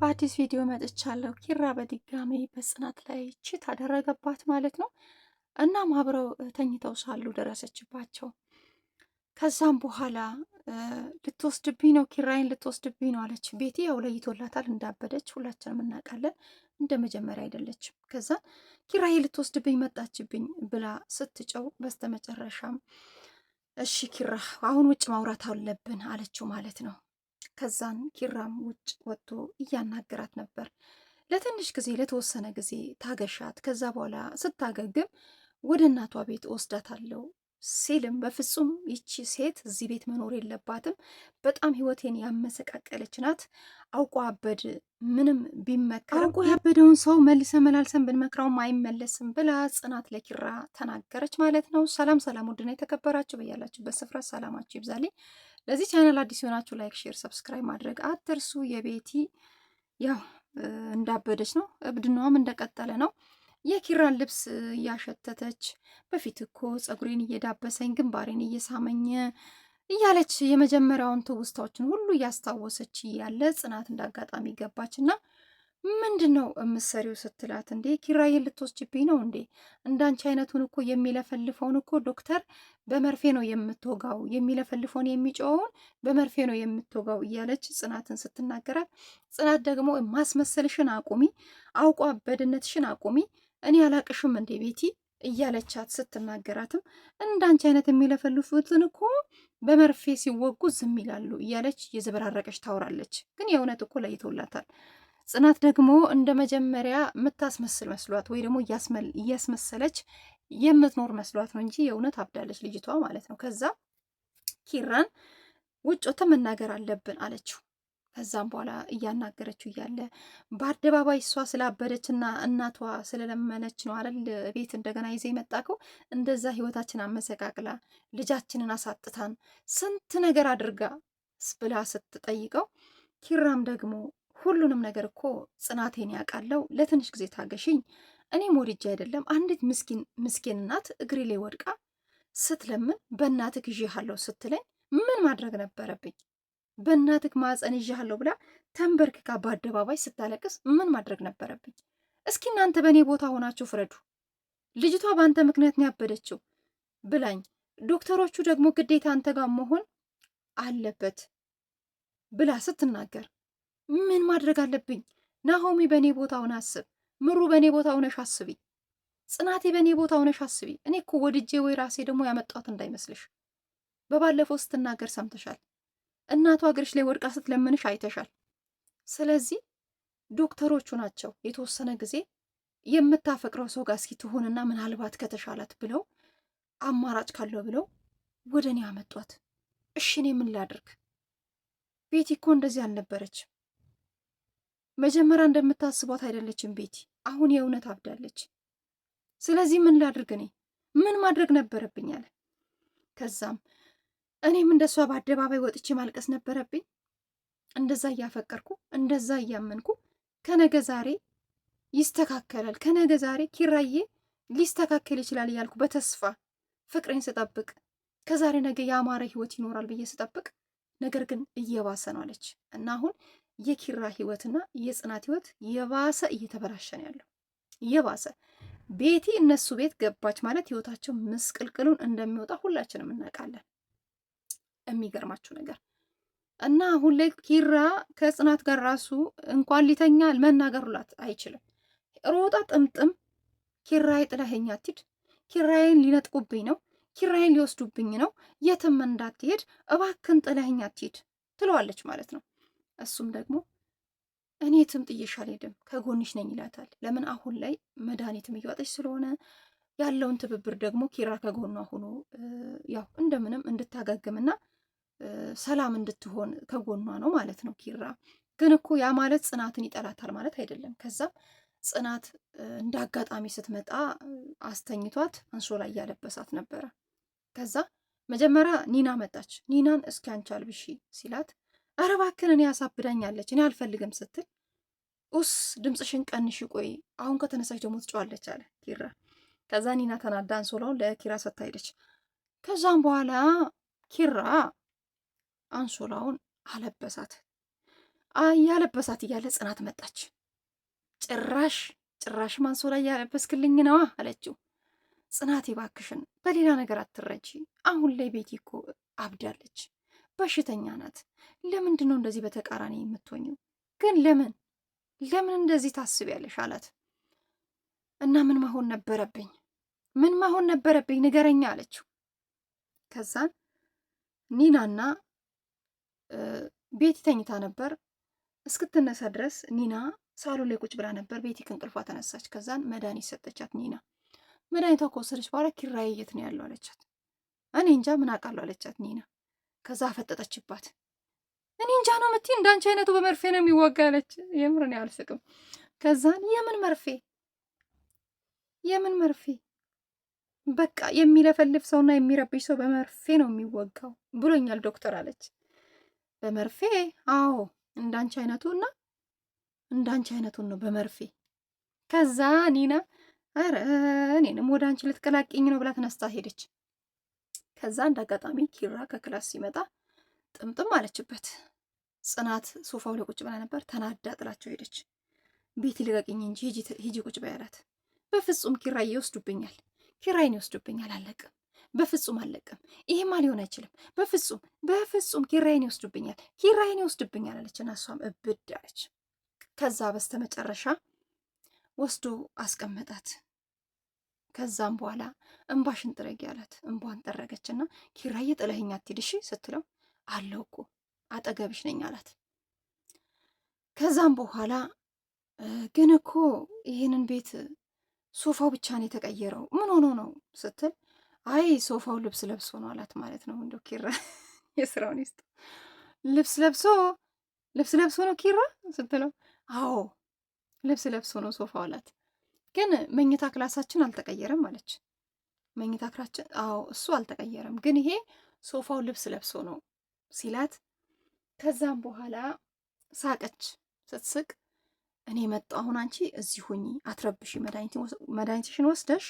በአዲስ ቪዲዮ መጥቻለሁ። ኪራ በድጋሚ በጽናት ላይ ቺት አደረገባት ማለት ነው። እናም አብረው ተኝተው ሳሉ ደረሰችባቸው። ከዛም በኋላ ልትወስድብኝ ነው፣ ኪራይን ልትወስድብኝ ነው አለች። ቤቲ ያው ለይቶላታል እንዳበደች ሁላችንም እናውቃለን። እንደ መጀመሪያ አይደለችም። ከዛ ኪራይ ልትወስድብኝ መጣችብኝ ብላ ስትጨው በስተመጨረሻም እሺ ኪራ አሁን ውጭ ማውራት አለብን አለችው ማለት ነው። ከዛን ኪራም ውጭ ወጥቶ እያናገራት ነበር። ለትንሽ ጊዜ ለተወሰነ ጊዜ ታገሻት፣ ከዛ በኋላ ስታገግም ወደ እናቷ ቤት አለው ሲልም በፍጹም ይቺ ሴት እዚህ ቤት መኖር የለባትም፣ በጣም ህይወቴን ያመሰቃቀለች ናት። አውቆ አበድ ምንም ቢመከር አውቆ ያበደውን ሰው መልሰ መላልሰን ብንመክረውም አይመለስም ብላ ጽናት ለኪራ ተናገረች ማለት ነው። ሰላም ሰላም፣ ውድና የተከበራችሁ በያላችሁበት ስፍራ ሰላማችሁ ይብዛልኝ። ለዚህ ቻናል አዲስ የሆናችሁ ላይክ፣ ሼር፣ ሰብስክራይብ ማድረግ አትርሱ። የቤቲ ያው እንዳበደች ነው፣ እብድናዋም እንደቀጠለ ነው። የኪራን ልብስ እያሸተተች በፊት እኮ ፀጉሬን እየዳበሰኝ ግንባሬን እየሳመኝ እያለች የመጀመሪያውን ትውስታዎችን ሁሉ እያስታወሰች ያለ ጽናት እንዳጋጣሚ ገባችና ምንድን ነው እምትሰሪው ስትላት፣ እንዴ ኪራይን ልትወስጅብኝ ነው እንዴ? እንዳንቺ አይነቱን እኮ የሚለፈልፈውን እኮ ዶክተር በመርፌ ነው የምትወጋው፣ የሚለፈልፈውን የሚጮኸውን በመርፌ ነው የምትወጋው እያለች ጽናትን ስትናገራት፣ ጽናት ደግሞ ማስመሰልሽን አቁሚ፣ አውቋ በድነትሽን አቁሚ፣ እኔ አላቅሽም እንዴ ቤቲ እያለቻት ስትናገራትም እንዳንቺ አይነት የሚለፈልፉትን እኮ በመርፌ ሲወጉ ዝም ይላሉ እያለች የዘበራረቀች ታወራለች። ግን የእውነት እኮ ለይቶላታል። ጽናት ደግሞ እንደ መጀመሪያ የምታስመስል መስሏት ወይ ደግሞ እያስመሰለች የምትኖር መስሏት ነው እንጂ የእውነት አብዳለች ልጅቷ ማለት ነው። ከዛ ኪራን ውጭ ወጥተን መናገር አለብን አለችው። ከዛም በኋላ እያናገረችው እያለ በአደባባይ እሷ ስላበደችና እናቷ ስለለመነች ነው አይደል ቤት እንደገና ይዘ የመጣከው እንደዛ ህይወታችን አመሰቃቅላ ልጃችንን አሳጥታን ስንት ነገር አድርጋ ብላ ስትጠይቀው ኪራም ደግሞ ሁሉንም ነገር እኮ ጽናቴን ያውቃለው። ለትንሽ ጊዜ ታገሽኝ። እኔም ወድጄ አይደለም አንዲት ምስኪን ምስኪን እናት እግሬ ላይ ወድቃ ስትለምን በእናትህ ይዤሃለሁ ስትለኝ ምን ማድረግ ነበረብኝ? በእናትህ ማዕፀን ይዤሃለሁ ብላ ተንበርክካ በአደባባይ ስታለቅስ ምን ማድረግ ነበረብኝ? እስኪ እናንተ በእኔ ቦታ ሆናችሁ ፍረዱ። ልጅቷ በአንተ ምክንያት ነው ያበደችው ብላኝ፣ ዶክተሮቹ ደግሞ ግዴታ አንተ ጋር መሆን አለበት ብላ ስትናገር ምን ማድረግ አለብኝ? ናሆሚ በእኔ ቦታ ሆነ አስብ። ምሩ በእኔ ቦታ ሆነሽ አስቢ። ጽናቴ በእኔ ቦታ ሆነሽ አስቢ። እኔ እኮ ወድጄ ወይ ራሴ ደግሞ ያመጣት እንዳይመስልሽ። በባለፈው ስትናገር ሰምተሻል። እናቷ እግርሽ ላይ ወድቃ ስትለምንሽ አይተሻል። ስለዚህ ዶክተሮቹ ናቸው የተወሰነ ጊዜ የምታፈቅረው ሰው ጋር እስኪ ትሆንና ምናልባት ከተሻላት ብለው አማራጭ ካለው ብለው ወደ እኔ አመጧት። እሺ እኔ ምን ላድርግ? ቤቲ እኮ እንደዚህ አልነበረችም። መጀመሪያ እንደምታስቧት አይደለችም ቤቲ። አሁን የእውነት አብዳለች። ስለዚህ ምን ላድርግ? እኔ ምን ማድረግ ነበረብኝ? አለ። ከዛም እኔም እንደሷ በአደባባይ ወጥቼ ማልቀስ ነበረብኝ። እንደዛ እያፈቀርኩ እንደዛ እያመንኩ ከነገ ዛሬ ይስተካከላል፣ ከነገ ዛሬ ኪራዬ ሊስተካከል ይችላል እያልኩ በተስፋ ፍቅሬን ስጠብቅ ከዛሬ ነገ ያማረ ህይወት ይኖራል ብዬ ስጠብቅ ነገር ግን እየባሰ ነው አለች እና አሁን የኪራ ህይወትና የጽናት ህይወት የባሰ እየተበላሸ ነው ያለው። የባሰ ቤቲ እነሱ ቤት ገባች ማለት ህይወታቸው ምስቅልቅሉን እንደሚወጣ ሁላችንም እናውቃለን። የሚገርማችሁ ነገር እና አሁን ላይ ኪራ ከጽናት ጋር ራሱ እንኳን ሊተኛ መናገሩላት አይችልም። ሮጣ ጥምጥም ኪራይ ጥለኸኝ አትሂድ፣ ኪራይን ሊነጥቁብኝ ነው፣ ኪራይን ሊወስዱብኝ ነው፣ የትም እንዳትሄድ እባክን ጥለኸኝ አትሂድ ትለዋለች ማለት ነው። እሱም ደግሞ እኔ የትም ጥዬሽ አልሄድም ከጎንሽ ነኝ ይላታል። ለምን አሁን ላይ መድኃኒትም እየዋጠች ስለሆነ ያለውን ትብብር ደግሞ ኪራ ከጎኗ ሆኖ ያው እንደምንም እንድታገግምና ሰላም እንድትሆን ከጎኗ ነው ማለት ነው። ኪራ ግን እኮ ያ ማለት ጽናትን ይጠላታል ማለት አይደለም። ከዛም ጽናት እንደ አጋጣሚ ስትመጣ አስተኝቷት አንሶላ እያለበሳት ነበረ። ከዛ መጀመሪያ ኒና መጣች። ኒናን እስኪ አንቺ አልብሺ ሲላት ኧረ እባክህን እኔ ያሳብዳኛለች እኔ አልፈልግም ስትል ኡስ ድምፅሽን ቀንሽ ቆይ አሁን ከተነሳች ደግሞ ትጫዋለች አለ ኪራ። ከዛ ኒና ተናዳ አንሶላውን ለኪራ ሰታ ሄደች። ከዛም በኋላ ኪራ አንሶላውን አለበሳት። እያለበሳት እያለ ጽናት መጣች። ጭራሽ ጭራሽም አንሶላ እያለበስክልኝ ነዋ አለችው። ጽናት እባክሽን በሌላ ነገር አትረጂ፣ አሁን ላይ ቤቲ እኮ አብዳለች በሽተኛ ናት። ለምንድን ነው እንደዚህ በተቃራኒ የምትሆኝው? ግን ለምን ለምን እንደዚህ ታስቢያለሽ? አላት እና ምን መሆን ነበረብኝ? ምን መሆን ነበረብኝ? ንገረኛ አለችው። ከዛን ኒናና ቤቲ ተኝታ ነበር። እስክትነሳ ድረስ ኒና ሳሎን ላይ ቁጭ ብላ ነበር። ቤቲ ከእንቅልፏ ተነሳች። ከዛን መድኃኒት ሰጠቻት ኒና። መድኃኒቷ ከወሰደች በኋላ ኪራይ የት ነው ያለው አለቻት። እኔ እንጃ ምን አውቃለሁ አለቻት ኒና። ከዛ ፈጠጠችባት። እኔ እንጃ ነው ምቲ እንዳንቺ አይነቱ በመርፌ ነው የሚወጋ ያለች። የምር ነው አልስቅም። ከዛን የምን መርፌ የምን መርፌ በቃ የሚለፈልፍ ሰውና የሚረብሽ ሰው በመርፌ ነው የሚወጋው ብሎኛል ዶክተር አለች። በመርፌ አዎ፣ እንዳንቺ አይነቱ እና እንዳንቺ አይነቱን ነው በመርፌ። ከዛ ኒና ኧረ እኔንም ወደ አንቺ ልትቀላቅኝ ነው ብላ ተነስታ ሄደች። ከዛ እንደ አጋጣሚ ኪራ ከክላስ ሲመጣ ጥምጥም አለችበት። ጽናት ሶፋው ላይ ቁጭ ብላ ነበር። ተናዳ ጥላቸው ሄደች። ቤት ልቀቅኝ እንጂ ሂጂ ቁጭ በይ አላት። በፍጹም ኪራዬ ይወስዱብኛል፣ ኪራይን ይወስዱብኛል፣ አለቅም፣ በፍጹም አለቅም፣ ይሄማ ሊሆን አይችልም፣ በፍጹም በፍጹም ኪራይን ይወስዱብኛል፣ ኪራይን ይወስዱብኛል አለች እና እሷም እብድ አለች። ከዛ በስተመጨረሻ ወስዶ አስቀመጣት። ከዛም በኋላ እንባሽን ጥረጊ አላት። እምቧን ጠረገችና ኪራዬ ጥለኸኝ አትሂድ እሺ ስትለው አለው እኮ አጠገብሽ ነኝ አላት። ከዛም በኋላ ግን እኮ ይህንን ቤት ሶፋው ብቻ ነው የተቀየረው፣ ምን ሆኖ ነው ስትል አይ ሶፋው ልብስ ለብሶ ነው አላት። ማለት ነው እንደው ኪራ የስራውን ይስጥ ልብስ ለብሶ ልብስ ለብሶ ነው ኪራ ስትለው አዎ ልብስ ለብሶ ነው ሶፋው አላት። ግን መኝታ ክላሳችን አልተቀየረም አለች። መኝታ ክላችን አዎ፣ እሱ አልተቀየረም፣ ግን ይሄ ሶፋው ልብስ ለብሶ ነው ሲላት፣ ከዛም በኋላ ሳቀች። ስትስቅ እኔ መጣሁ፣ አሁን አንቺ እዚህ ሁኚ፣ አትረብሽ፣ መድኃኒትሽን ወስደሽ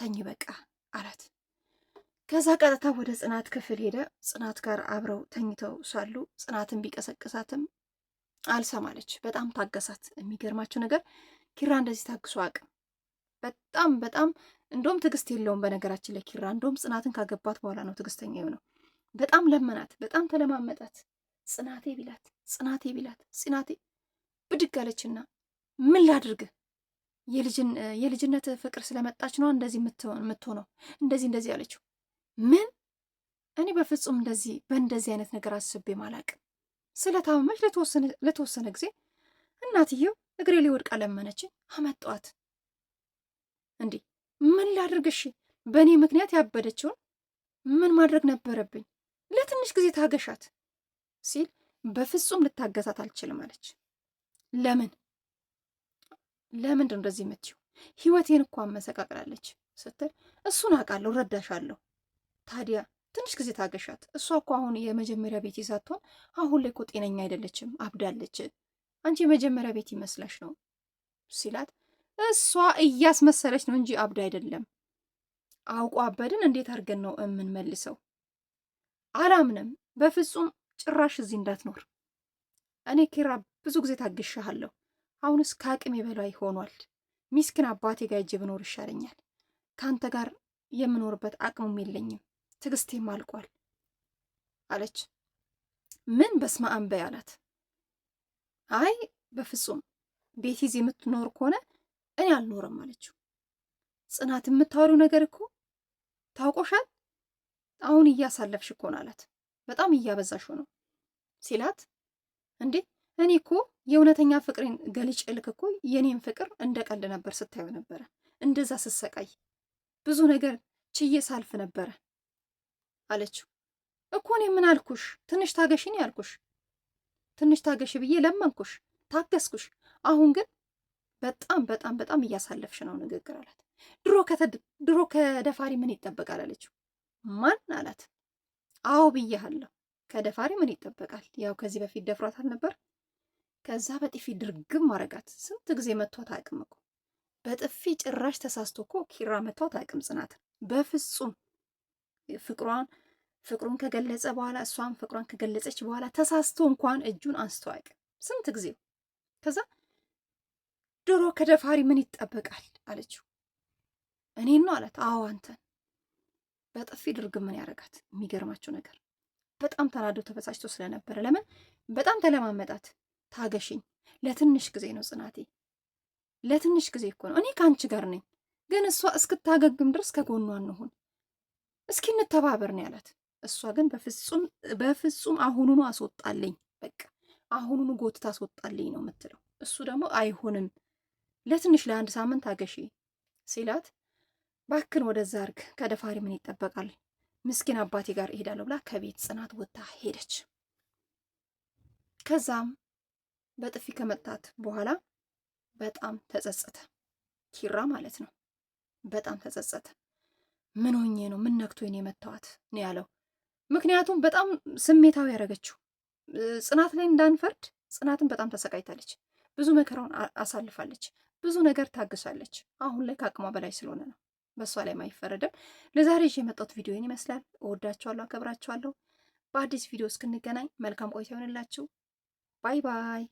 ተኝ በቃ አላት። ከዛ ቀጥታ ወደ ጽናት ክፍል ሄደ። ጽናት ጋር አብረው ተኝተው ሳሉ ጽናትን ቢቀሰቅሳትም አልሰማለች። በጣም ታገሳት። የሚገርማቸው ነገር ኪራ እንደዚህ ታግሶ አቅም በጣም በጣም እንደውም ትዕግስት የለውም በነገራችን ላይ ኪራ። እንደውም ጽናትን ካገባት በኋላ ነው ትዕግስተኛ የሆነው። በጣም ለመናት፣ በጣም ተለማመጣት። ጽናቴ ቢላት ጽናቴ ቢላት ጽናቴ ብድግ አለችና ምን ላድርግ የልጅነት ፍቅር ስለመጣች ነው እንደዚህ የምትሆነው እንደዚህ እንደዚህ አለችው። ምን እኔ በፍጹም እንደዚህ በእንደዚህ አይነት ነገር አስቤ ማላቅ ስለታመመች ለተወሰነ ጊዜ እናትየው እግሬ ሊወድቃ ወድቃ ለመነችኝ፣ እንዴ ምን ላድርግ? እሺ በእኔ ምክንያት ያበደችውን ምን ማድረግ ነበረብኝ? ለትንሽ ጊዜ ታገሻት ሲል በፍጹም ልታገሳት አልችልም አለች። ለምን ለምንድን እንደዚህ የምትይው? ህይወቴን እኮ አመሰቃቅላለች ስትል እሱን አውቃለሁ፣ ረዳሻለሁ። ታዲያ ትንሽ ጊዜ ታገሻት። እሷ እኮ አሁን የመጀመሪያ ቤት ይዛትሆን አሁን ላይ እኮ ጤነኛ አይደለችም፣ አብዳለች። አንቺ የመጀመሪያ ቤት ይመስላሽ ነው ሲላት እሷ እያስመሰለች ነው እንጂ አብዳ አይደለም። አውቆ አበድን እንዴት አድርገን ነው የምንመልሰው? አላምንም። በፍጹም ጭራሽ እዚህ እንዳትኖር። እኔ ኪራ ብዙ ጊዜ ታግሻሃለሁ። አሁንስ ከአቅሜ በላይ ሆኗል። ሚስኪን አባቴ ጋር ሂጄ ብኖር ይሻለኛል። ከአንተ ጋር የምኖርበት አቅሙም የለኝም፣ ትዕግስቴም አልቋል አለች። ምን በስመ አብ በይ አላት። አይ በፍጹም ቤት ይዘህ የምትኖር ከሆነ እኔ አልኖርም አለችው። ጽናት የምታወሪው ነገር እኮ ታውቆሻል፣ አሁን እያሳለፍሽ እኮ ነው አላት። በጣም እያበዛሽ ነው ሲላት፣ እንዴ እኔ እኮ የእውነተኛ ፍቅሬን ገልጭ እልክ እኮ የኔን ፍቅር እንደ ቀልድ ነበር ስታዩ ነበረ፣ እንደዛ ስሰቃይ ብዙ ነገር ችዬ ሳልፍ ነበረ አለችው። እኮ እኔ ምን አልኩሽ? ትንሽ ታገሽን ያልኩሽ። ትንሽ ታገሽ ብዬ ለመንኩሽ፣ ታገስኩሽ። አሁን ግን በጣም በጣም በጣም እያሳለፍሽ ነው ንግግር አላት። ድሮ ከደፋሪ ምን ይጠበቃል አለችው። ማን አላት? አዎ ብያሃለሁ። ከደፋሪ ምን ይጠበቃል? ያው ከዚህ በፊት ደፍሯት አልነበር? ከዛ በጥፊ ድርግም ማረጋት። ስንት ጊዜ መቷት አቅም እኮ በጥፊ ጭራሽ ተሳስቶ እኮ ኪራ መቷት አቅም ጽናት በፍጹም ፍቅሯን ፍቅሩን ከገለጸ በኋላ እሷም ፍቅሯን ከገለጸች በኋላ ተሳስቶ እንኳን እጁን አንስቶ አያውቅም ስንት ጊዜው ከዛ ድሮ ከደፋሪ ምን ይጠበቃል አለችው። እኔ ነው አላት። አዎ አንተን። በጥፊ ድርግም ምን ያደርጋት። የሚገርማቸው ነገር በጣም ተናዶ ተበሳጭቶ ስለነበረ ለምን በጣም ተለማመጣት። ታገሽኝ፣ ለትንሽ ጊዜ ነው ጽናቴ፣ ለትንሽ ጊዜ እኮ ነው። እኔ ከአንቺ ጋር ነኝ፣ ግን እሷ እስክታገግም ድረስ ከጎኗ እንሁን፣ እስኪ እንተባበር ነው ያላት። እሷ ግን በፍጹም በፍጹም አሁኑኑ አስወጣልኝ፣ በቃ አሁኑኑ ጎትታ አስወጣልኝ ነው የምትለው። እሱ ደግሞ አይሆንም ለትንሽ ለአንድ ሳምንት አገሺ ሲላት ባክን ወደዛ አርግ ከደፋሪ ምን ይጠበቃል? ምስኪን አባቴ ጋር እሄዳለሁ ብላ ከቤት ጽናት ወጥታ ሄደች። ከዛም በጥፊ ከመጣት በኋላ በጣም ተጸጸተ። ኪራ ማለት ነው። በጣም ተጸጸተ። ምን ሆኜ ነው ምን ነው የመታዋት ነው ያለው። ምክንያቱም በጣም ስሜታዊ ያደረገችው ጽናት ላይ እንዳንፈርድ ጽናትን በጣም ተሰቃይታለች። ብዙ መከራውን አሳልፋለች፣ ብዙ ነገር ታግሳለች። አሁን ላይ ከአቅሟ በላይ ስለሆነ ነው በእሷ ላይ አይፈረድም። ለዛሬ ይዤ የመጣሁት ቪዲዮን ይመስላል። እወዳችኋለሁ፣ አከብራችኋለሁ። በአዲስ ቪዲዮ እስክንገናኝ መልካም ቆይታ ይሆንላችሁ። ባይ ባይ።